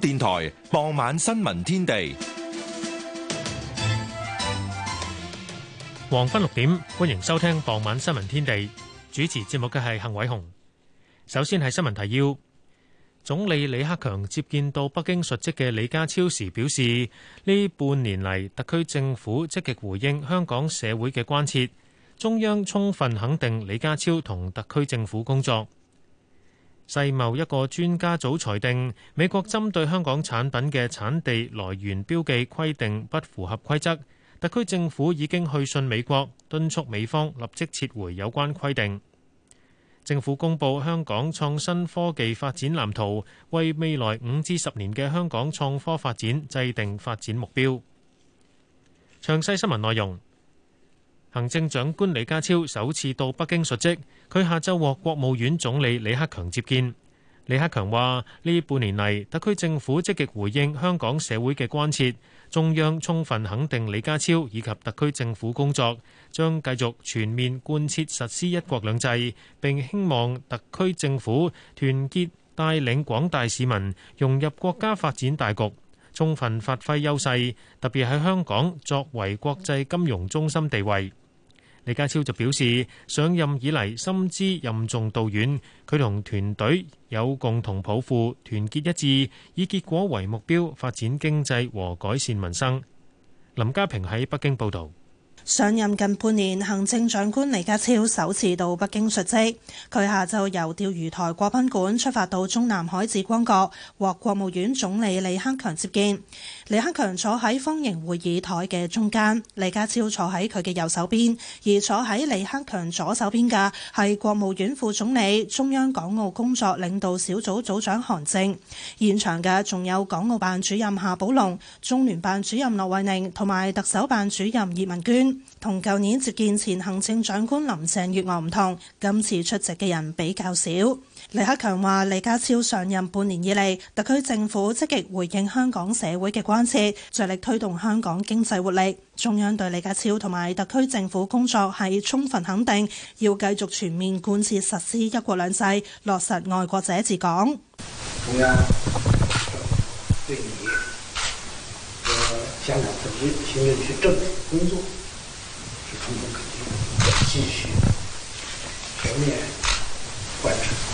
電台傍晚新聞天地，黃昏六點，歡迎收聽傍晚新聞天地。主持節目嘅係幸偉雄。首先係新聞提要：總理李克強接見到北京述職嘅李家超時表示，呢半年嚟，特區政府積極回應香港社會嘅關切，中央充分肯定李家超同特區政府工作。世貿一個專家組裁定，美國針對香港產品嘅產地來源標記規定不符合規則。特區政府已經去信美國，敦促美方立即撤回有關規定。政府公布香港創新科技發展藍圖，為未來五至十年嘅香港創科發展制定發展目標。詳細新聞內容。行政長官李家超首次到北京述職，佢下週獲國務院總理李克強接見。李克強話：呢半年嚟，特區政府積極回應香港社會嘅關切，中央充分肯定李家超以及特區政府工作，將繼續全面貫徹實施一國兩制，並希望特區政府團結帶領廣大市民融入國家發展大局，充分發揮優勢，特別喺香港作為國際金融中心地位。李家超就表示，上任以嚟深知任重道遠，佢同團隊有共同抱負，團結一致，以結果為目標發展經濟和改善民生。林家平喺北京報道。上任近半年，行政長官李家超首次到北京述職。佢下晝由釣魚台國賓館出發到中南海紫光閣，獲國務院總理李克強接見。李克強坐喺方形會議台嘅中間，李家超坐喺佢嘅右手邊，而坐喺李克強左手邊嘅係國務院副總理、中央港澳工作領導小組組長韓正。現場嘅仲有港澳辦主任夏寶龍、中聯辦主任駱惠寧同埋特首辦主任葉文娟。同舊年接見前行政長官林鄭月娥唔同，今次出席嘅人比較少。李克強話：李家超上任半年以嚟，特區政府積極回應香港社會嘅關切，着力推動香港經濟活力。中央對李家超同埋特區政府工作係充分肯定，要繼續全面貫徹實施一國兩制，落實愛國者治港。中央對李和香港特別行政區政府工作充分肯定，要繼續全面貫徹。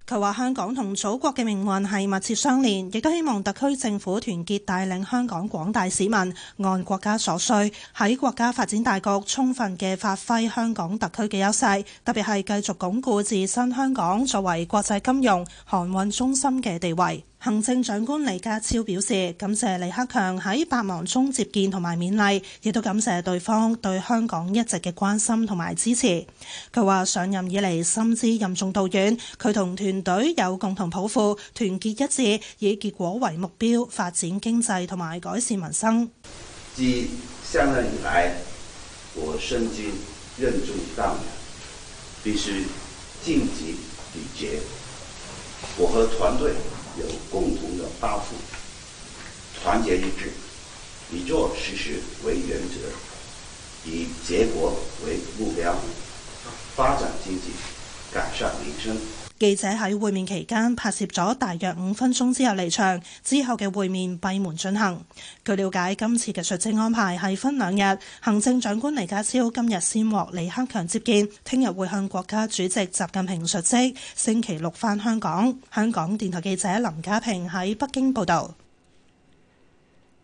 佢話香港同祖國嘅命運係密切相連，亦都希望特區政府團結帶領香港廣大市民，按國家所需，喺國家發展大局充分嘅發揮香港特區嘅優勢，特別係繼續鞏固自身香港作為國際金融航運中心嘅地位。行政長官李家超表示感謝李克強喺百忙中接見同埋勉勵，亦都感謝對方對香港一直嘅關心同埋支持。佢話上任以嚟深知任重道遠，佢同團。隊有共同抱負，團結一致，以結果為目標，發展經濟同埋改善民生。自上任以來，我深知任重道遠，必須盡職履責。我和團隊有共同的抱負，團結一致，以做實事為原則，以結果為目標，發展經濟，改善民生。記者喺會面期間拍攝咗大約五分鐘之後離場，之後嘅會面閉門進行。據了解，今次嘅述職安排係分兩日，行政長官李家超今日先獲李克強接見，聽日會向國家主席習近平述職，星期六返香港。香港電台記者林家平喺北京報導。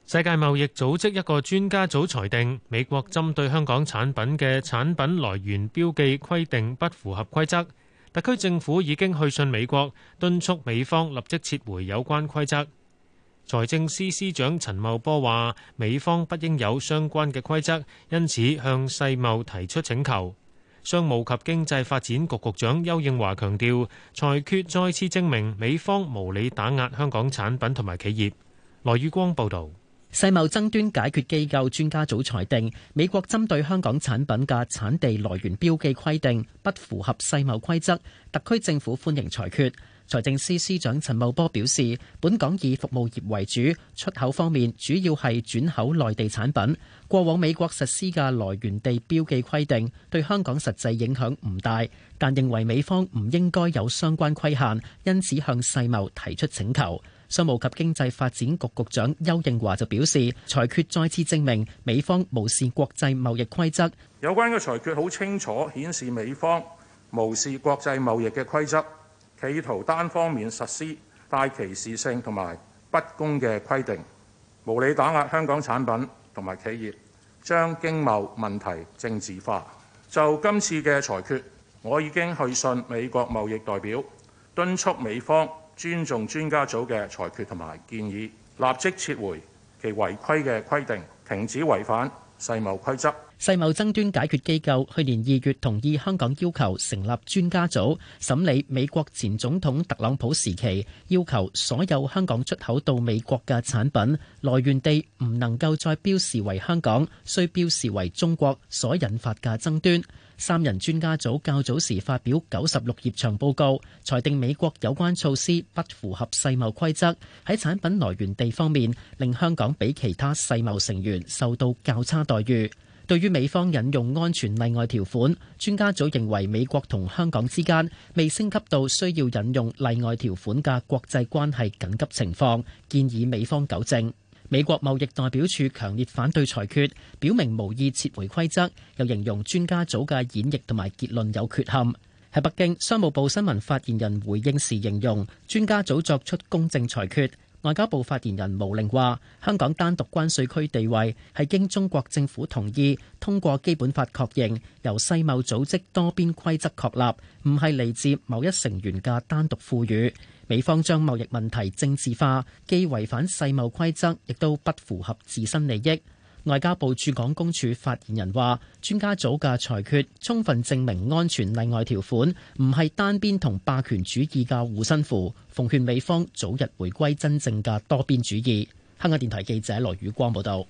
世界貿易組織一個專家組裁定，美國針對香港產品嘅產品來源標記規定不符合規則。特區政府已經去信美國，敦促美方立即撤回有關規則。財政司司長陳茂波話，美方不應有相關嘅規則，因此向世貿提出請求。商務及經濟發展局局長丘應樺強調，裁決再次證明美方無理打壓香港產品同埋企業。羅宇光報導。世貿爭端解決機構專家組裁定，美國針對香港產品嘅產地來源標記規定不符合世貿規則。特區政府歡迎裁決。財政司司長陳茂波表示，本港以服務業為主，出口方面主要係轉口內地產品。過往美國實施嘅來源地標記規定對香港實際影響唔大，但認為美方唔應該有相關規限，因此向世貿提出請求。商務及經濟發展局局長丘應樺就表示，裁決再次證明美方無視國際貿易規則。有關嘅裁決好清楚顯示，美方無視國際貿易嘅規則，企圖單方面實施帶歧視性同埋不公嘅規定，無理打壓香港產品同埋企業，將經貿問題政治化。就今次嘅裁決，我已經去信美國貿易代表，敦促美方尊重專家組嘅裁決同埋建議，立即撤回其違規嘅規定，停止違反世貿規則。世貿爭端解決機構去年二月同意香港要求成立專家組，審理美國前總統特朗普時期要求所有香港出口到美國嘅產品來源地唔能夠再標示為香港，需標示為中國所引發嘅爭端。三人專家組較早時發表九十六頁長報告，裁定美國有關措施，不符合世貿規則，喺產品來源地方面令香港比其他世貿成員受到較差待遇。對於美方引用安全例外條款，專家組認為美國同香港之間未升級到需要引用例外條款嘅國際關係緊急情況，建議美方糾正。美國貿易代表處強烈反對裁決，表明無意撤回規則，又形容專家組嘅演繹同埋結論有缺陷。喺北京，商務部新聞發言人回應時形容專家組作出公正裁決。外交部發言人毛寧話：香港單獨關稅區地位係經中國政府同意，通過基本法確認，由世貿組織多邊規則確立，唔係嚟自某一成員嘅單獨賦予。美方將貿易問題政治化，既違反世貿規則，亦都不符合自身利益。外交部駐港公署發言人話：專家組嘅裁決充分證明安全例外條款唔係單邊同霸權主義嘅護身符，奉勸美方早日回歸真正嘅多邊主義。香港電台記者羅宇光報道。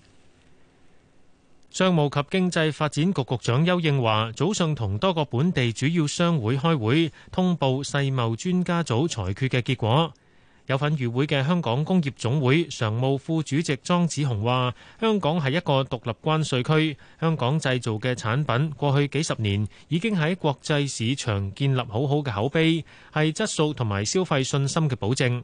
商務及經濟發展局局長邱應華早上同多個本地主要商會開會，通報世貿專家組裁決嘅結果。有份與會嘅香港工業總會常務副主席莊子雄話：香港係一個獨立關稅區，香港製造嘅產品過去幾十年已經喺國際市場建立好好嘅口碑，係質素同埋消費信心嘅保證。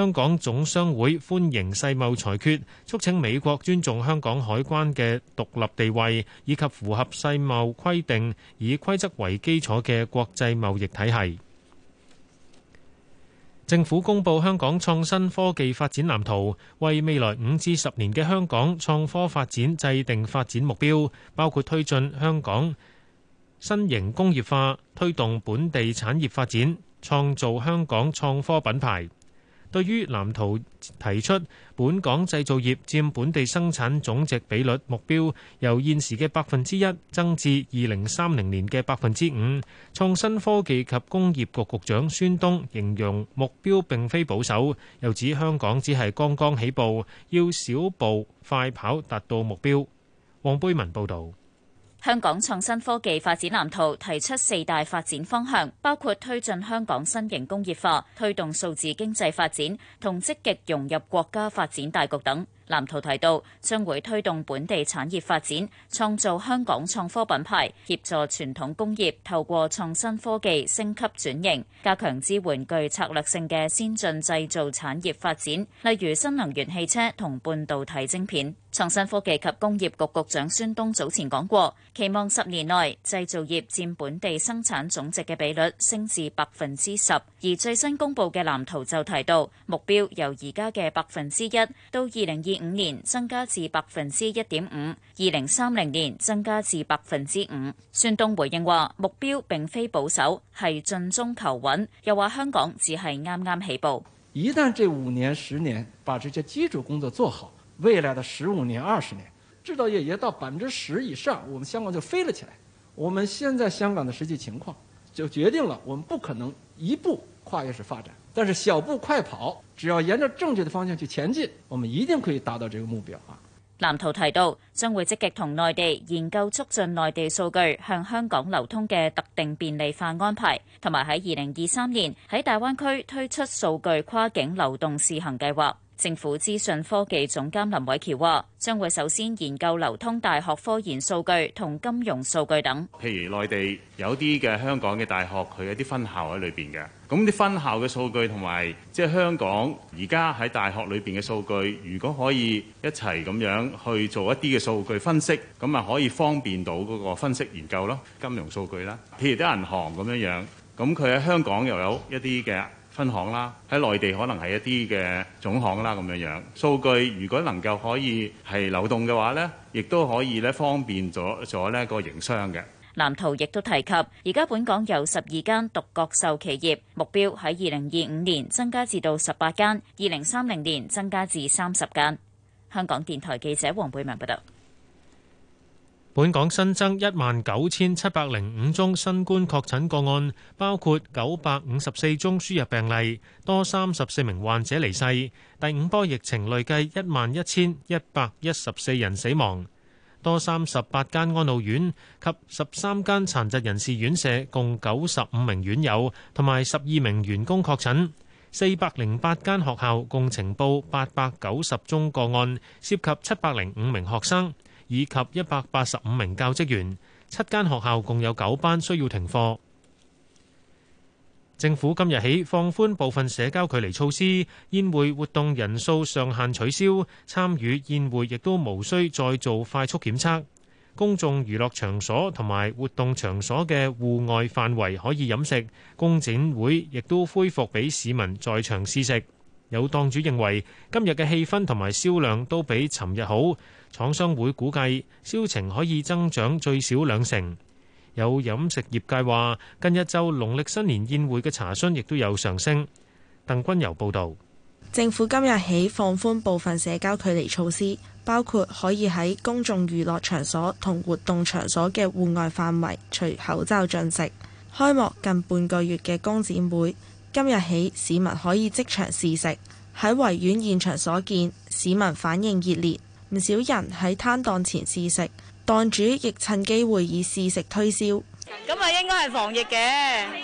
香港總商會歡迎世貿裁決，促請美國尊重香港海關嘅獨立地位，以及符合世貿規定，以規則為基礎嘅國際貿易體系。政府公布《香港創新科技發展藍圖》，為未來五至十年嘅香港創科發展制定發展目標，包括推進香港新型工業化，推動本地產業發展，創造香港創科品牌。對於藍圖提出本港製造業佔本地生產總值比率目標由現時嘅百分之一增至二零三零年嘅百分之五，創新科技及工業局局長孫東形容目標並非保守，又指香港只係剛剛起步，要小步快跑達到目標。黃貝文報導。香港創新科技發展藍圖提出四大發展方向，包括推進香港新型工業化、推動數字經濟發展同積極融入國家發展大局等。藍圖提到將會推動本地產業發展，創造香港創科品牌，協助傳統工業透過創新科技升級轉型，加強支援具策略性嘅先進製造產業發展，例如新能源汽車同半導體晶片。創新科技及工業局局長孫東早前講過，期望十年內製造業佔本地生產總值嘅比率升至百分之十，而最新公佈嘅藍圖就提到目標由而家嘅百分之一到二零二五年增加至百分之一點五，二零三零年增加至百分之五。孫東回應話：目標並非保守，係盡中求穩。又話香港只係啱啱起步。一旦這五年、十年把這些基礎工作做好，未來的十五年、二十年，製造業也到百分之十以上，我們香港就飛了起來。我們現在香港的實際情況，就決定了我們不可能一步跨越式發展。但是小步快跑，只要沿着正確的方向去前進，我們一定可以達到這個目標啊！藍圖提到將會積極同內地研究促進內地數據向香港流通嘅特定便利化安排，同埋喺二零二三年喺大灣區推出數據跨境流動試行計劃。政府資訊科技總監林偉喬話，將會首先研究流通大學科研數據同金融數據等，譬如內地有啲嘅香港嘅大學，佢有啲分校喺裏邊嘅，咁啲分校嘅數據同埋即係香港而家喺大學裏邊嘅數據，如果可以一齊咁樣去做一啲嘅數據分析，咁啊可以方便到嗰個分析研究咯，金融數據啦，譬如啲銀行咁樣樣，咁佢喺香港又有一啲嘅。分行啦，喺內地可能係一啲嘅總行啦，咁樣樣數據如果能夠可以係流動嘅話，呢亦都可以咧方便咗咗呢個營商嘅藍圖，亦都提及而家本港有十二間獨角獸企業，目標喺二零二五年增加至到十八間，二零三零年增加至三十間。香港電台記者黃貝文報道。本港新增一萬九千七百零五宗新冠確診個案，包括九百五十四宗輸入病例，多三十四名患者離世。第五波疫情累計一萬一千一百一十四人死亡，多三十八間安老院及十三間殘疾人士院舍共九十五名院友同埋十二名員工確診。四百零八間學校共呈報八百九十宗個案，涉及七百零五名學生。以及一百八十五名教職員，七間學校共有九班需要停課。政府今日起放寬部分社交距離措施，宴會活動人數上限取消，參與宴會亦都無需再做快速檢測。公眾娛樂場所同埋活動場所嘅戶外範圍可以飲食，工展會亦都恢復俾市民在場試食。有檔主認為今日嘅氣氛同埋銷量都比尋日好，廠商會估計銷情可以增長最少兩成。有飲食業界話，近一周農曆新年宴會嘅查詢亦都有上升。鄧君柔報導，政府今日起放寬部分社交距離措施，包括可以喺公眾娛樂場所同活動場所嘅戶外範圍除口罩進食。開幕近半個月嘅工展會。今日起，市民可以即場試食。喺維園現場所見，市民反應熱烈，唔少人喺攤檔前試食，檔主亦趁機會以試食推銷。咁啊，應該係防疫嘅，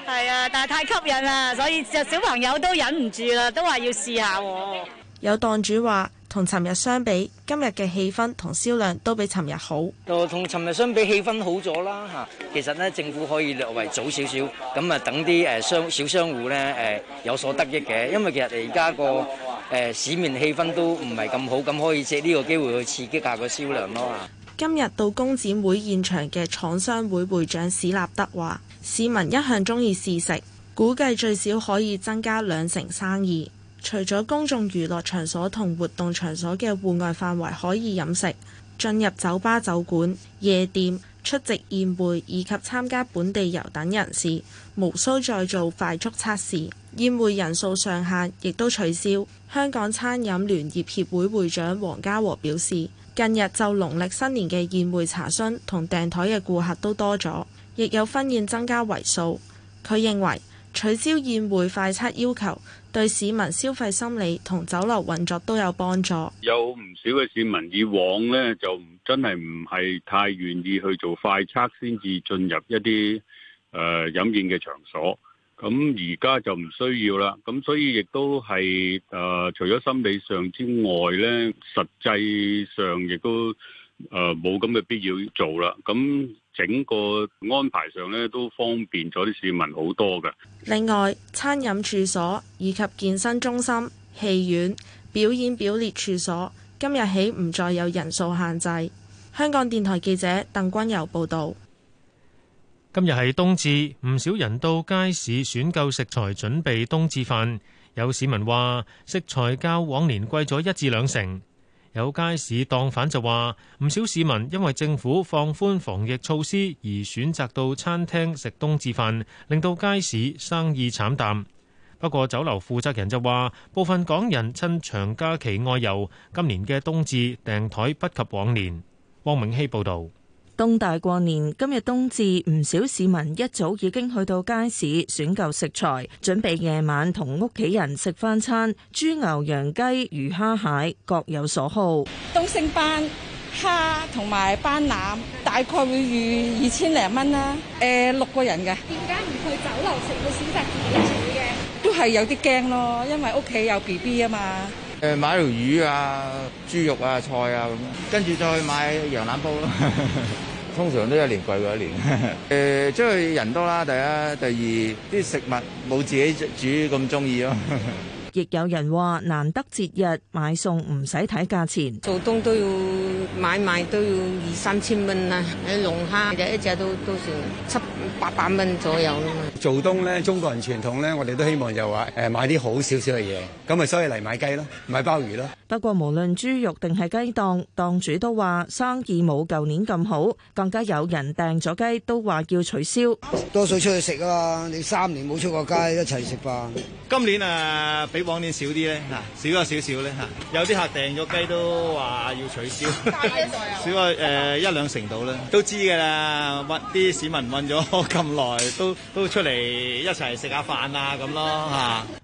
係啊，但係太吸引啦，所以小朋友都忍唔住啦，都話要試下喎。有檔主話。同尋日相比，今日嘅氣氛同銷量都比尋日好。同尋日相比，氣氛好咗啦嚇。其實咧，政府可以略為早少少，咁啊等啲誒商小商戶咧誒有所得益嘅。因為其實而家個誒市面氣氛都唔係咁好，咁可以借呢個機會去刺激下個銷量咯。今日到工展會現場嘅廠商會會長史立德話：市民一向鍾意試食，估計最少可以增加兩成生意。除咗公眾娛樂場所同活動場所嘅戶外範圍可以飲食，進入酒吧、酒館、夜店、出席宴會以及參加本地遊等人士無需再做快速測試。宴會人數上限亦都取消。香港餐飲聯業，業協會會長黃家和表示，近日就農曆新年嘅宴會查詢同訂台嘅顧客都多咗，亦有婚宴增加圍數，佢認為取消宴會快測要求，對市民消費心理同酒樓運作都有幫助。有唔少嘅市民以往呢，就真係唔係太願意去做快測先至進入一啲誒飲宴嘅場所。咁而家就唔需要啦。咁所以亦都係誒，除咗心理上之外呢，實際上亦都誒冇咁嘅必要做啦。咁。整個安排上咧，都方便咗啲市民好多嘅。另外，餐飲處所以及健身中心、戲院、表演表列處所，今日起唔再有人數限制。香港電台記者鄧君遊報導。今日係冬至，唔少人到街市選購食材，準備冬至飯。有市民話，食材較往年貴咗一至兩成。有街市檔販就話，唔少市民因為政府放寬防疫措施而選擇到餐廳食冬至飯，令到街市生意慘淡。不過，酒樓負責人就話，部分港人趁長假期外遊，今年嘅冬至訂枱不及往年。汪永熙報導。冬大過年，今日冬至，唔少市民一早已經去到街市選購食材，準備夜晚同屋企人食返餐。豬牛羊雞魚蝦蟹各有所好。東星斑、蝦同埋斑腩大概會預二千零蚊啦。誒、呃，六個人嘅。點解唔去酒樓食，會選擇自己煮嘅？都係有啲驚咯，因為屋企有 B B 啊嘛。誒買條魚啊、豬肉啊、菜啊咁樣，跟住再去買羊腩煲咯、啊。 通常都一年貴過一年。誒、 呃，即係人多啦，第一，第二啲食物冇自己煮咁鍾意咯。 亦有人話，難得節日買餸唔使睇價錢，做冬都要買賣都要二三千蚊啦，啲龍蝦隻一隻都都成七八百蚊左右咯。做冬咧，中國人傳統咧，我哋都希望就話誒買啲好少少嘅嘢，咁啊所以嚟買雞咯，買鮑魚咯。不過無論豬肉定係雞檔，檔主都話生意冇舊年咁好，更加有人訂咗雞都話要取消。多數出去食啊，你三年冇出過街，一齊食飯。今年啊，比。往年少啲咧，嚇少咗少少咧嚇，啊、有啲客訂咗雞都話要取消， 少咗誒、呃、 一兩成度啦，都知㗎啦，揾啲市民揾咗咁耐，都都出嚟一齊食下飯啊咁咯，嚇。啊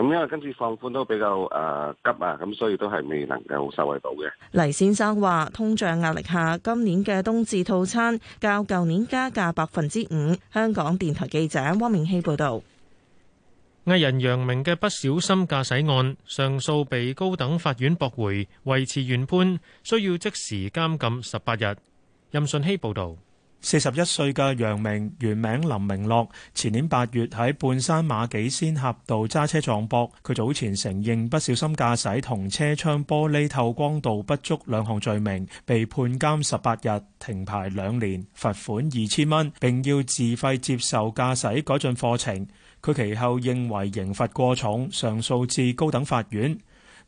咁因為今次放寬都比較誒急啊，咁所以都係未能夠受惠到嘅。黎先生話：通脹壓力下，今年嘅冬至套餐較舊年加價百分之五。香港電台記者汪明熙報導。藝人楊明嘅不小心駕駛案上訴被高等法院駁回，維持原判，需要即時監禁十八日。任順熙報導。四十一歲嘅楊明，原名林明樂，前年八月喺半山馬己仙峽道揸車撞壆。佢早前承認不小心駕駛同車窗玻璃透光度不足兩項罪名，被判監十八日，停牌兩年，罰款二千蚊，並要自費接受駕駛改進課程。佢其後認為刑罰過重，上訴至高等法院。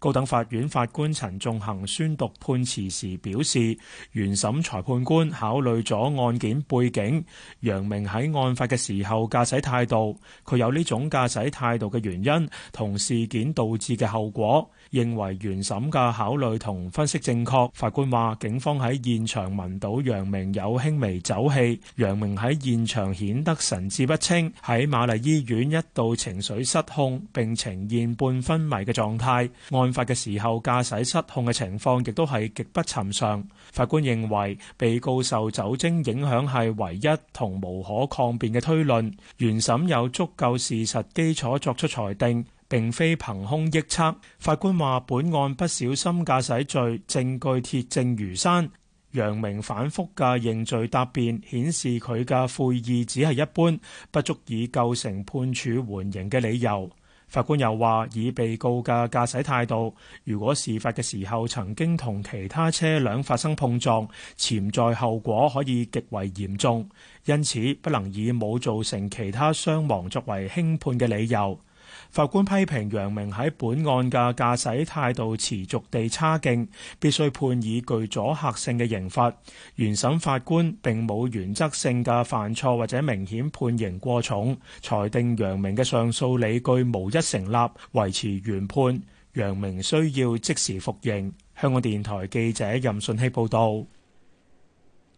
高等法院法官陳仲衡宣讀判詞時表示，原審裁判官考慮咗案件背景，楊明喺案發嘅時候駕駛態度，佢有呢種駕駛態度嘅原因同事件導致嘅後果。認為原審嘅考慮同分析正確。法官話：警方喺現場聞到楊明有輕微酒氣，楊明喺現場顯得神志不清，喺瑪麗醫院一度情緒失控，並呈現半昏迷嘅狀態。案發嘅時候，駕駛失控嘅情況亦都係極不尋常。法官認為被告受酒精影響係唯一同無可抗辯嘅推論，原審有足夠事實基礎作出裁定。並非憑空臆測，法官話本案不小心駕駛罪證據鐵證如山，楊明反覆嘅認罪答辯顯示佢嘅悔意只係一般，不足以構成判處緩刑嘅理由。法官又話以被告嘅駕駛態度，如果事發嘅時候曾經同其他車輛發生碰撞，潛在後果可以極為嚴重，因此不能以冇造成其他傷亡作為輕判嘅理由。法官批評楊明喺本案嘅駕駛態度持續地差勁，必須判以具阻嚇性嘅刑罰。原審法官並冇原則性嘅犯錯或者明顯判刑過重，裁定楊明嘅上訴理據無一成立，維持原判。楊明需要即時服刑。香港電台記者任信希報道。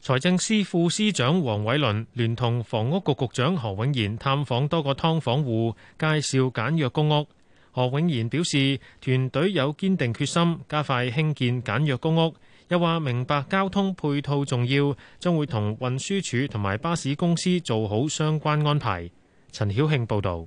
財政司副司長黃偉綸聯同房屋局局長何永賢探訪多個劏房戶，介紹簡約公屋。何永賢表示，團隊有堅定決心加快興建簡約公屋，又話明白交通配套重要，將會同運輸署同埋巴士公司做好相關安排。陳曉慶報導。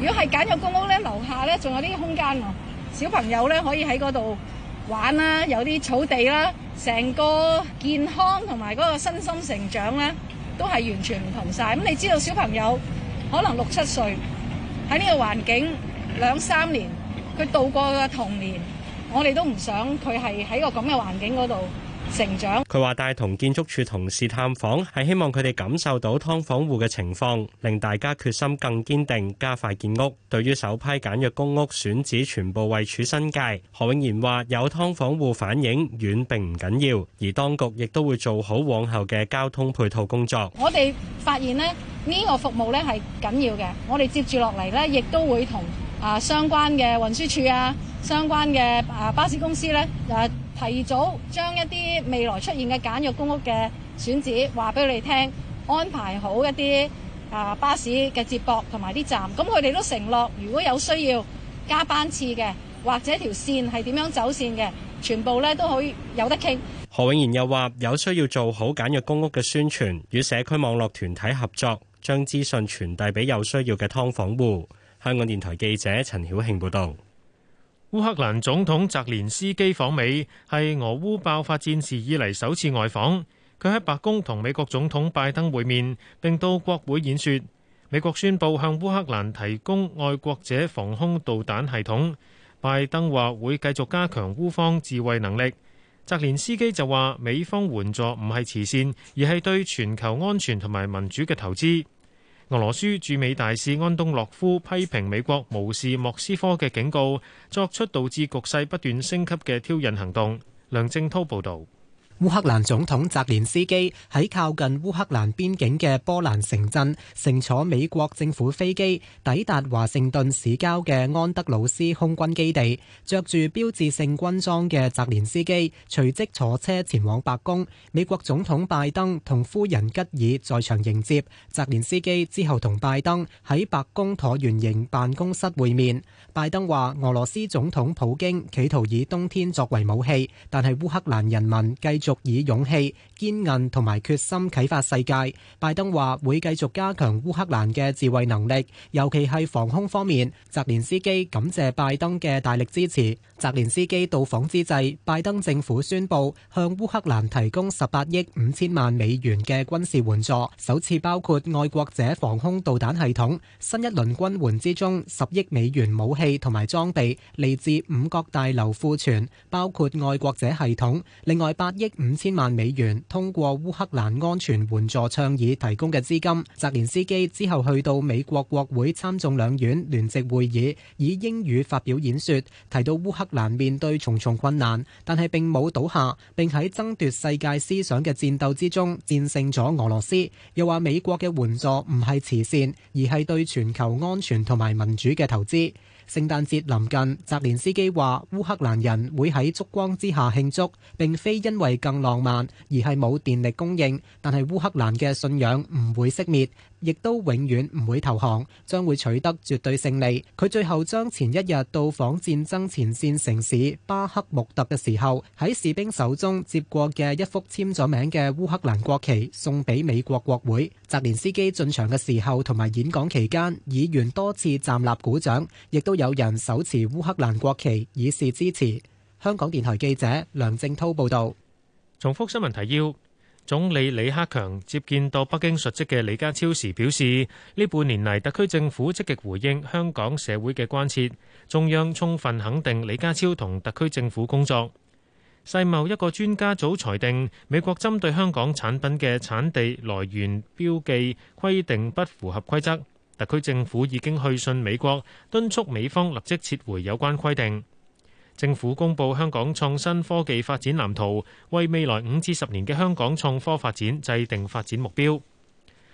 如果係揀入公屋咧，樓下咧仲有啲空間喎，小朋友咧可以喺嗰度玩啦，有啲草地啦，成個健康同埋嗰個身心成長咧，都係完全唔同晒。咁你知道小朋友可能六七歲喺呢個環境兩三年，佢度過嘅童年，我哋都唔想佢係喺個咁嘅環境嗰度。成長。佢話：帶同建築署同事探訪，係希望佢哋感受到劏房戶嘅情況，令大家決心更堅定，加快建屋。對於首批簡約公屋選址全部位處新界，何永賢話：有劏房戶反映遠並唔緊要，而當局亦都會做好往後嘅交通配套工作。我哋發現咧，呢個服務咧係緊要嘅。我哋接住落嚟咧，亦都會同啊相關嘅運輸署啊、相關嘅啊巴士公司咧啊。提早將一啲未來出現嘅簡約公屋嘅選址話俾佢哋聽，安排好一啲啊巴士嘅接駁同埋啲站。咁佢哋都承諾，如果有需要加班次嘅，或者條線係點樣走線嘅，全部咧都可以有得傾。何永賢又話：有需要做好簡約公屋嘅宣傳，與社區網絡團體合作，將資訊傳遞俾有需要嘅劏房戶。香港電台記者陳曉慶報導。烏克蘭總統澤連斯基訪美，係俄烏爆發戰事以嚟首次外訪。佢喺白宮同美國總統拜登會面，並到國會演說。美國宣布向烏克蘭提供愛國者防空導彈系統。拜登話會繼續加強烏方自衛能力。澤連斯基就話美方援助唔係慈善，而係對全球安全同埋民主嘅投資。俄羅斯駐美大使安東諾夫批評美國無視莫斯科嘅警告，作出導致局勢不斷升級嘅挑釁行動。梁正滔報導。烏克蘭總統澤連斯基喺靠近烏克蘭邊境嘅波蘭城鎮，乘坐美國政府飛機抵達華盛頓市郊嘅安德魯斯空軍基地。着住標誌性軍裝嘅澤連斯基隨即坐車前往白宮。美國總統拜登同夫人吉爾在場迎接澤連斯基，之後同拜登喺白宮橢圓形辦公室會面。拜登話：俄羅斯總統普京企圖以冬天作爲武器，但係烏克蘭人民繼續。以勇氣、堅韌同埋決心啟發世界。拜登話會繼續加強烏克蘭嘅自衛能力，尤其係防空方面。澤連斯基感謝拜登嘅大力支持。澤連斯基到訪之際，拜登政府宣布向烏克蘭提供十八億五千萬美元嘅軍事援助，首次包括愛國者防空導彈系統。新一輪軍援之中，十億美元武器同埋裝備嚟自五角大樓庫存，包括愛國者系統，另外八億五千萬美元通過烏克蘭安全援助倡議提供嘅資金。澤連斯基之後去到美國國會參眾兩院聯席會議以英語發表演說，提到烏克蘭面對重重困難，但係並冇倒下，並喺爭奪世界思想嘅戰鬥之中戰勝咗俄羅斯。又話美國嘅援助唔係慈善，而係對全球安全同埋民主嘅投資。聖誕節臨近，澤連斯基話：烏克蘭人會喺燭光之下慶祝，並非因為更浪漫，而係冇電力供應。但係烏克蘭嘅信仰唔會熄滅。亦都永遠唔會投降，將會取得絕對勝利。佢最後將前一日到訪戰爭前線城市巴克穆特嘅時候，喺士兵手中接過嘅一幅簽咗名嘅烏克蘭國旗送俾美國國會。澤連斯基進場嘅時候同埋演講期間，議員多次站立鼓掌，亦都有人手持烏克蘭國旗以示支持。香港電台記者梁正濤報道：「重複新聞提要。總理李克強接見到北京述職嘅李家超時表示，呢半年嚟特區政府積極回應香港社會嘅關切，中央充分肯定李家超同特區政府工作。世貿一個專家組裁定，美國針對香港產品嘅產地來源標記規定不符合規則，特區政府已經去信美國，敦促美方立即撤回有關規定。政府公布香港創新科技發展藍圖，為未來五至十年嘅香港創科發展制定發展目標。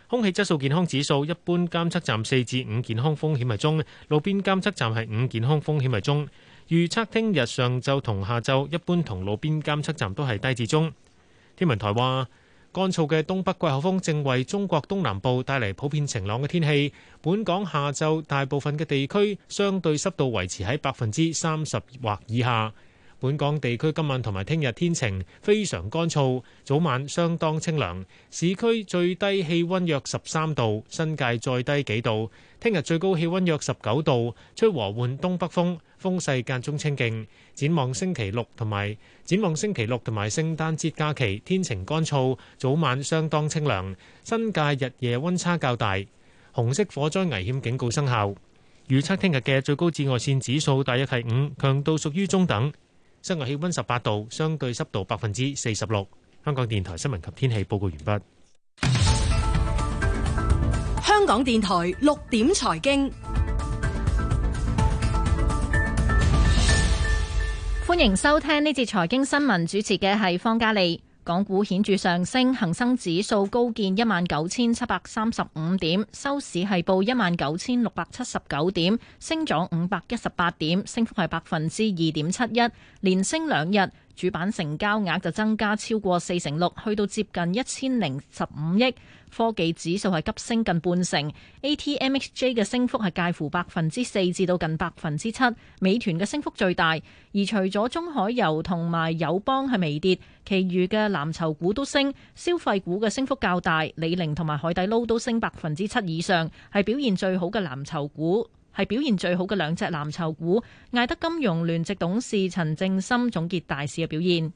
空氣質素健康指數一般監測站四至五健康風險為中，路邊監測站係五健康風險為中。預測聽日上晝同下晝一般同路邊監測站都係低至中。天文台話。乾燥嘅東北季候風正為中國東南部帶嚟普遍晴朗嘅天氣，本港下晝大部分嘅地區相對濕度維持喺百分之三十或以下。本港地區今晚同埋聽日天晴，非常乾燥，早晚相當清涼。市區最低氣温約十三度，新界再低幾度。聽日最高氣温約十九度，吹和緩東北風，風勢間中清勁。展望星期六同埋展望星期六同埋聖誕節假期，天晴乾燥，早晚相當清涼。新界日夜温差較大，紅色火災危險警告生效。預測聽日嘅最高紫外線指數大約係五，強度屬於中等。室外氣溫十八度，相對濕度百分之四十六。香港電台新聞及天氣報告完畢。香港電台六點財經，歡迎收聽呢節財經新聞，主持嘅係方嘉利。港股顯著上升，恒生指數高見一萬九千七百三十五點，收市係報一萬九千六百七十九點，升咗五百一十八點，升幅係百分之二點七一，連升兩日。主板成交額就增加超過四成六，去到接近一千零十五億。科技指數係急升近半成，ATMXJ 嘅升幅係介乎百分之四至到近百分之七。美團嘅升幅最大，而除咗中海油同埋友邦係微跌，其餘嘅藍籌股都升。消費股嘅升幅較大，李寧同埋海底撈都升百分之七以上，係表現最好嘅藍籌股。係表現最好嘅兩隻藍籌股，艾德金融聯席董事陳正森總結大市嘅表現。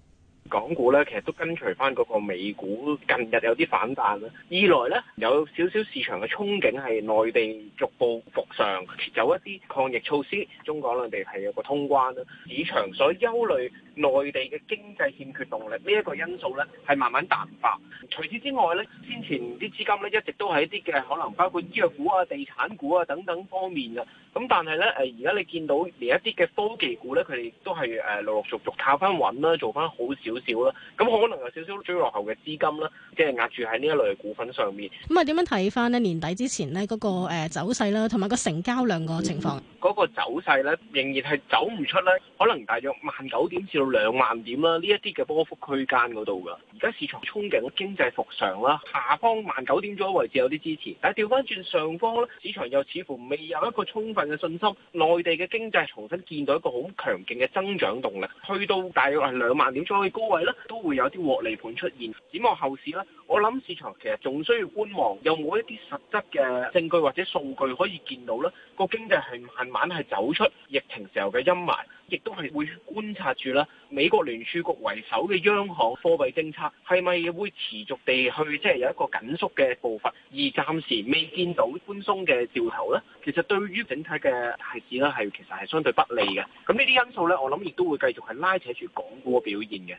港股咧，其實都跟隨翻嗰個美股，近日有啲反彈啦。二來咧，有少少市場嘅憧憬係內地逐步復上，有一啲抗疫措施，中港兩地係有個通關啦。市場所憂慮內地嘅經濟欠缺動力呢一個因素咧，係慢慢淡化。除此之外咧，先前啲資金咧一直都係一啲嘅可能，包括醫藥股啊、地產股啊等等方面啊。咁但係咧，誒而家你見到連一啲嘅科技股咧，佢哋都係誒陸陸續續靠翻穩啦，做翻好少少啦。咁可能有少少追落後嘅資金啦，即係壓住喺呢一類嘅股份上面。咁啊，點樣睇翻呢？年底之前咧，嗰個誒走勢啦，同埋個成交量個情況。嗰個走勢咧，仍然係走唔出咧，可能大約萬九點至，兩萬點啦，呢一啲嘅波幅區間嗰度噶，而家市場憧憬經濟復常啦，下方萬九點左右位置有啲支持，但係調翻轉上方咧，市場又似乎未有一個充分嘅信心，內地嘅經濟重新見到一個好強勁嘅增長動力，去到大約係兩萬點左右嘅高位咧，都會有啲獲利盤出現，展望後市咧。我諗市場其實仲需要觀望，有冇一啲實質嘅證據或者數據可以見到咧，個經濟係慢慢係走出疫情時候嘅陰霾，亦都係會觀察住啦。美國聯儲局為首嘅央行貨幣政策係咪會持續地去即係、就是、有一個緊縮嘅步伐，而暫時未見到寬鬆嘅兆頭呢？其實對於整體嘅係指大市咧係其實係相對不利嘅。咁呢啲因素咧，我諗亦都會繼續係拉扯住港股嘅表現嘅。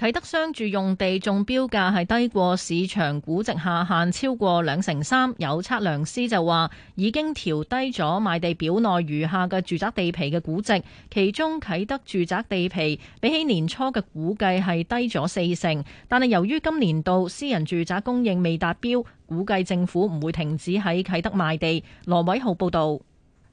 啟德商住用地中標價係低過市場估值下限超過兩成三，有測量師就話已經調低咗賣地表內餘下嘅住宅地皮嘅估值，其中啟德住宅地皮比起年初嘅估計係低咗四成。但係由於今年度私人住宅供應未達標，估計政府唔會停止喺啟德賣地。羅偉浩報道。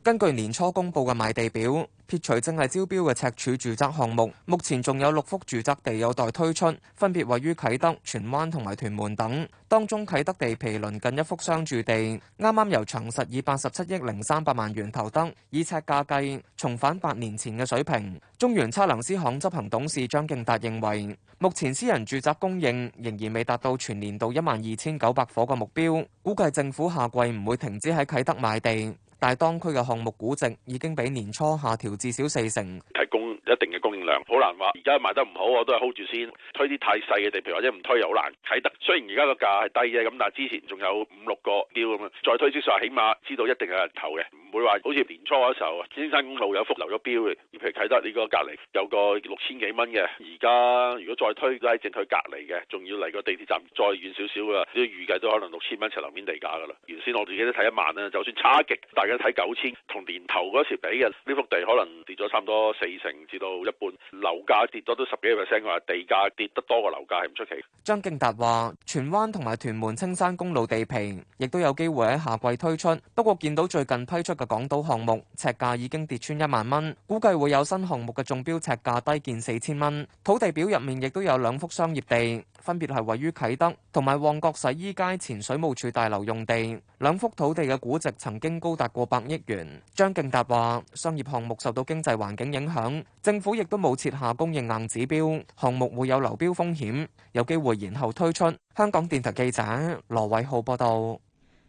根據年初公布嘅賣地表，撇除正係招標嘅赤柱住宅項目，目前仲有六幅住宅地有待推出，分別位於啟德、荃灣同埋屯門等。當中啟德地皮鄰近一幅商住地，啱啱由長實以八十七億零三百萬元投得，以尺價計，重返八年前嘅水平。中原測量師行執行董事張敬達認為，目前私人住宅供應仍然未達到全年度一萬二千九百伙嘅目標，估計政府下季唔會停止喺啟德買地。大當區嘅項目估值已經比年初下調至少四成。一定嘅供應量，好難話。而家賣得唔好，我都係 hold 住先。推啲太細嘅地皮或者唔推又好難睇得。雖然而家個價係低嘅，咁但係之前仲有五六個標咁樣，再推至少起碼知道一定有人投嘅，唔會話好似年初嗰時候，青山公路有幅流咗標嘅，譬如啟德個隔離有個六千幾蚊嘅，而家如果再推都喺政府隔離嘅，仲要離個地鐵站再遠少少噶，都預計都可能六千蚊一呎樓面地價噶啦。原先我自己都睇一萬啦，就算差極，大家睇九千，同年頭嗰時比嘅呢幅地可能跌咗差唔多四成。到一半，樓價跌咗都十幾個 percent，話地價跌得多過樓價係唔出奇。張敬達話：荃灣同埋屯門青山公路地皮，亦都有機會喺夏季推出。不過見到最近推出嘅港島項目，尺價已經跌穿一萬蚊，估計會有新項目嘅中標尺價低見四千蚊。土地表入面亦都有兩幅商業地，分別係位於啟德同埋旺角洗衣街前水務署大樓用地。兩幅土地嘅估值曾經高達過百億元。張敬達話：商業項目受到經濟環境影響。政府亦都冇設下供應硬指標，項目會有流標風險，有機會延後推出。香港電台記者羅偉浩報道。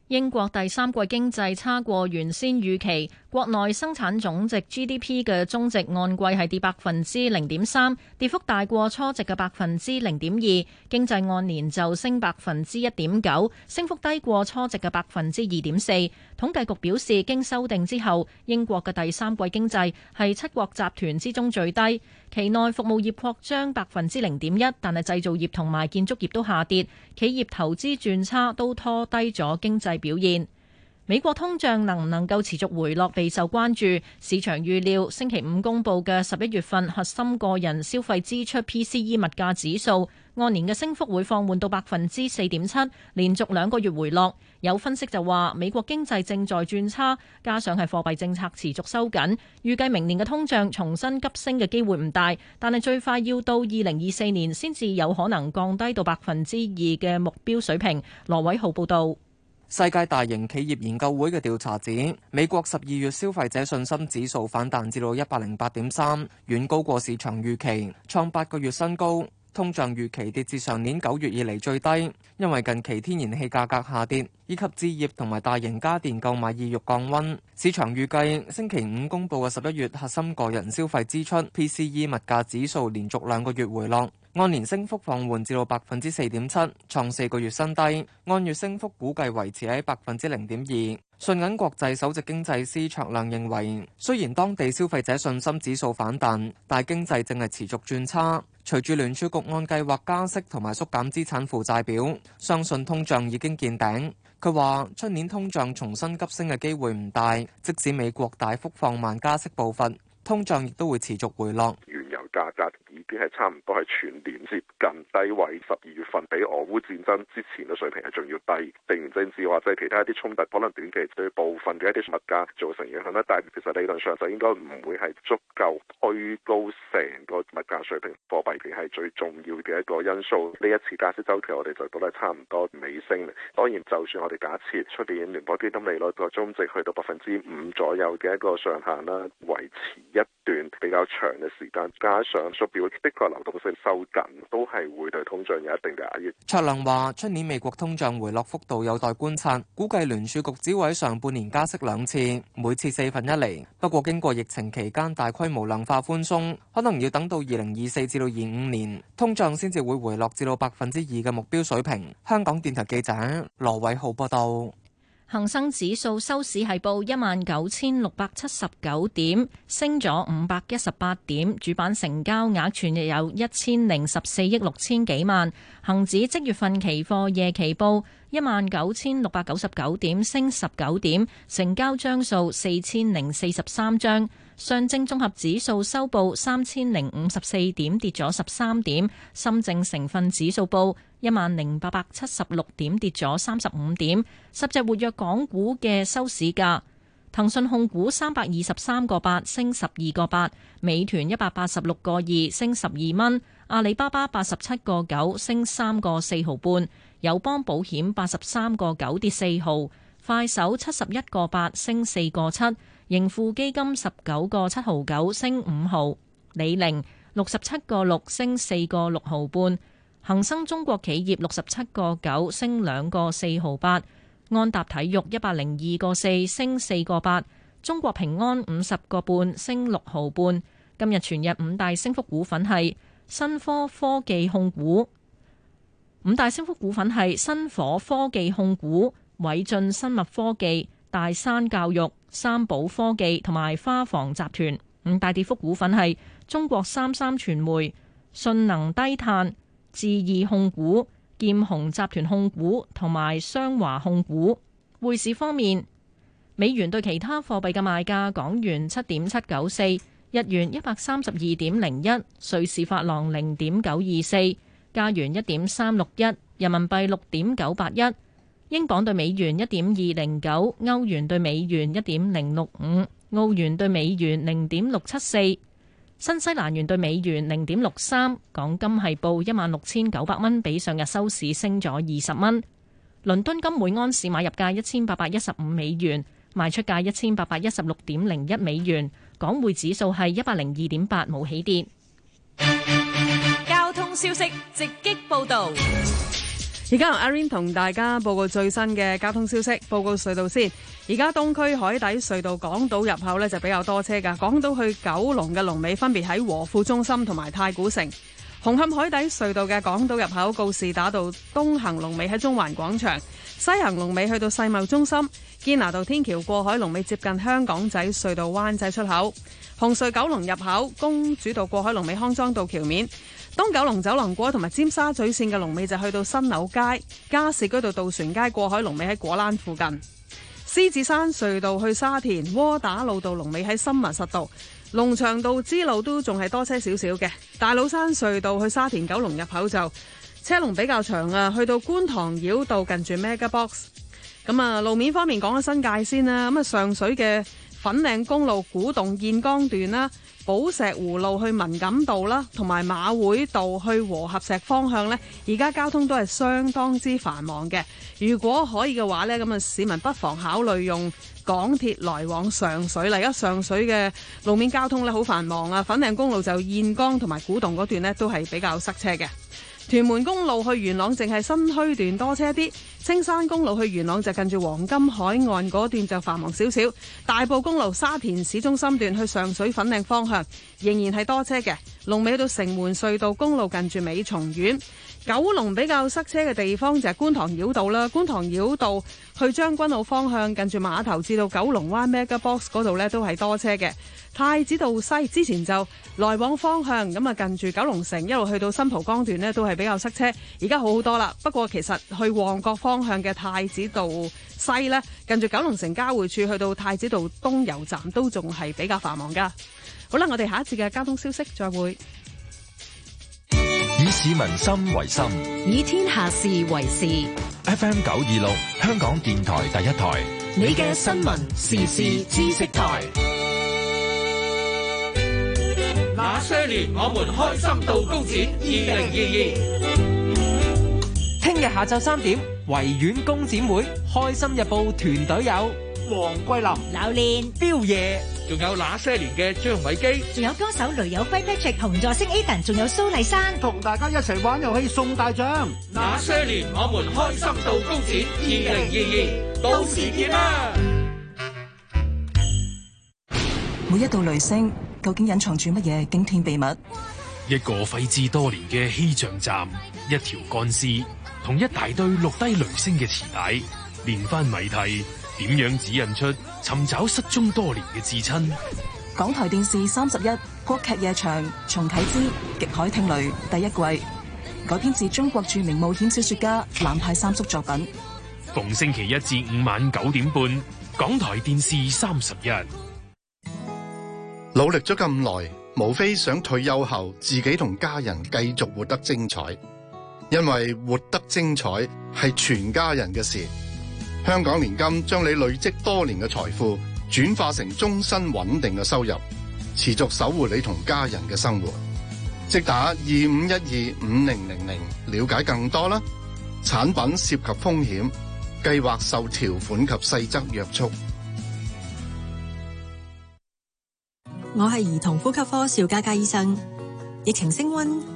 英國第三季經濟差過原先預期，國內生產總值 GDP 嘅終值按季係跌百分之零點三，跌幅大過初值嘅百分之零點二，經濟按年就升百分之一點九，升幅低過初值嘅百分之二點四。統計局表示，經修訂之後，英國嘅第三季經濟係七國集團之中最低。期內服務業擴張百分之零點一，但係製造業同埋建築業都下跌，企業投資轉差都拖低咗經濟表現。美國通脹能唔能夠持續回落，備受關注。市場預料星期五公佈嘅十一月份核心個人消費支出 PCE 物價指數。按年嘅升幅會放緩到百分之四點七，連續兩個月回落。有分析就話，美國經濟正在轉差，加上係貨幣政策持續收緊，預計明年嘅通脹重新急升嘅機會唔大。但係最快要到二零二四年先至有可能降低到百分之二嘅目標水平。羅偉浩報導。世界大型企業研究會嘅調查指，美國十二月消費者信心指數反彈至到一百零八點三，遠高過市場預期，創八個月新高。通脹預期跌至上年九月以嚟最低，因為近期天然氣價格下跌，以及置業同埋大型家電購買意欲降溫。市場預計星期五公佈嘅十一月核心個人消費支出 PCE 物價指數連續兩個月回落，按年升幅放緩至到百分之四點七，創四個月新低。按月升幅估計維持喺百分之零點二。信銀國際首席經濟師卓亮認為，雖然當地消費者信心指數反彈，但經濟正係持續轉差。隨住聯儲局按計劃加息同埋縮減資產負債表，相信通脹已經見頂。佢話：出年通脹重新急升嘅機會唔大，即使美國大幅放慢加息步伐，通脹亦都會持續回落。價格已經係差唔多係全年接近低位，十二月份比俄烏戰爭之前嘅水平係仲要低。地緣政治或者係其他一啲衝突可能短期對部分嘅一啲物價造成影響啦。但係其實理論上就應該唔會係足夠推高成個物價水平。貨幣係最重要嘅一個因素。呢一次加息周期我哋就覺得差唔多尾聲啦。當然，就算我哋假設出邊聯邦基金利率個中值去到百分之五左右嘅一個上限啦，維持一段比較長嘅時間加。上述表的確流動性收緊，都係會對通脹有一定嘅壓抑。卓亮話，出年美國通脹回落幅度有待觀察，估計聯儲局只會喺上半年加息兩次，每次四分一厘。不過經過疫情期間大規模量化寬鬆，可能要等到二零二四至到二五年，通脹先至會回落至到百分之二嘅目標水平。香港電台記者羅偉浩報道。恒生指數收市係報一萬九千六百七十九點，升咗五百一十八點，主板成交額全日有一千零十四億六千幾萬。恒指即月份期貨夜期報一萬九千六百九十九點，升十九點，成交張數四千零四十三張。上證綜合指數收報三千零五十四點，跌咗十三點。深證成分指數報一萬零八百七十六點，跌咗三十五點。十隻活躍港股嘅收市價：騰訊控股三百二十三個八，升十二個八；美團一百八十六個二，升十二蚊；阿里巴巴八十七個九，升三個四毫半；友邦保險八十三個九，跌四毫；快手七十一個八，升四個七。盈富基金十九個七毫九升五毫，李寧六十七個六升四個六毫半，恒生中國企業六十七個九升兩個四毫八，安踏體育一百零二個四升四個八，中國平安五十個半升六毫半。今日全日五大升幅股份係新科科技控股，五大升幅股份係新火科技控股、偉進生物科技。大山教育、三寶科技同埋花房集團，五大跌幅股份係中國三三傳媒、信能低碳、智意控股、劍虹集團控股同埋雙華控股。匯市方面，美元對其他貨幣嘅賣價：港元七點七九四，日元一百三十二點零一，瑞士法郎零點九二四，加元一點三六一，人民幣六點九八一。英鎊兌美元一點二零九，歐元兌美元一點零六五，澳元兌美元零點六七四，新西蘭元兌美元零點六三。港金係報一萬六千九百蚊，比上日收市升咗二十蚊。倫敦金每安士買入價一千八百一十五美元，賣出價一千八百一十六點零一美元。港匯指數係一百零二點八，冇起跌。交通消息直擊報道。而家由阿 Ring 同大家報告最新嘅交通消息，報告隧道先。而家東區海底隧道港島入口咧就比較多車噶，港島去九龍嘅龍尾分別喺和富中心同埋太古城。紅磡海底隧道嘅港島入口告士打道東行龍尾喺中環廣場，西行龍尾去到世貿中心。堅拿道天橋過海龍尾接近香港仔隧道灣仔出口。紅隧九龍入口公主道過海龍尾康莊道橋面。東九龍走廊過同埋尖沙咀線嘅龍尾就去到新柳街、加士居道、渡船街過海龍尾喺果欄附近；獅子山隧道去沙田窩打老道龍尾喺深云十道、龍翔道支路都仲係多車少少嘅；大老山隧道去沙田九龍入口就車龍比較長啊，去到觀塘繞道近住 MegaBox 咁啊，路面方面講下新界先啦、啊，咁啊上水嘅。粉嶺公路古洞燕江段啦，寶石湖路去文錦道啦，同埋馬會道去和合石方向呢。而家交通都係相當之繁忙嘅。如果可以嘅話呢，咁啊市民不妨考慮用港鐵來往上水啦。而家上水嘅路面交通咧好繁忙啊，粉嶺公路就燕江同埋古洞嗰段呢，都係比較塞車嘅。屯門公路去元朗淨係新墟段多車啲。青山公路去元朗就近住黃金海岸嗰段就繁忙少少，大埔公路沙田市中心段去上水粉嶺方向仍然係多車嘅，龍尾去到城門隧道公路近住美松苑，九龍比較塞車嘅地方就係觀塘繞道啦。觀塘繞道去將軍澳方向近住碼頭至到九龍灣 mega box 度咧都係多車嘅。太子道西之前就來往方向咁啊近住九龍城一路去到新蒲崗段咧都係比較塞車，而家好好多啦。不過其實去旺角方方向嘅太子道西咧，近住九龍城交匯處，去到太子道東油站都仲係比較繁忙噶。好啦，我哋下一次嘅交通消息再會。以市民心為心，以天下事為事。FM 九二六，香港電台第一台，你嘅新聞時事知識台。那些年我們開心到高尖，二零二二。聽日下晝三點。維園工展會，開心日報團隊有黃桂林、劉念、標爺，仲有那些年嘅張偉基，仲有歌手雷友輝、Patrick、紅座星 Eden，仲有蘇麗珊，同大家一齊玩遊戲送大獎。那些年我們開心到工展，二零二二到時見啦！每一道雷聲究竟隱藏住乜嘢驚天秘密？一個廢置多年嘅氣象站，一條乾屍。同一大堆錄低雷聲嘅磁帶，連番謎題，點樣指引出尋找失蹤多年嘅至親？港台電視三十一國劇夜場重啟之極海聽雷第一季，改編自中國著名冒險小說家南派三叔作品。逢星期一至五晚九點半，港台電視三十一。努力咗咁耐，無非想退休後自己同家人繼續活得精彩。因為活得精彩係全家人嘅事，香港年金將你累積多年嘅財富轉化成終身穩定嘅收入，持續守護你同家人嘅生活。即打二五一二五零零零了解更多啦。產品涉及風險，計劃受條款及細則約束。我係兒童呼吸科邵嘉嘉醫生，疫情升溫。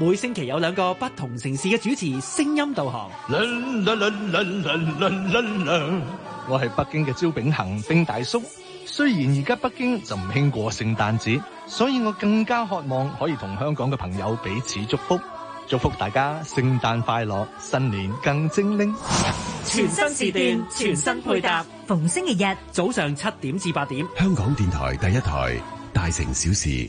每星期有兩個不同城市嘅主持聲音導航。我係北京嘅招炳恒丁大叔。雖然而家北京就唔興過聖誕節，所以我更加渴望可以同香港嘅朋友彼此祝福，祝福大家聖誕快樂，新年更精靈。全新時段，全新配搭，逢星期日早上七點至八點，香港電台第一台大城小事。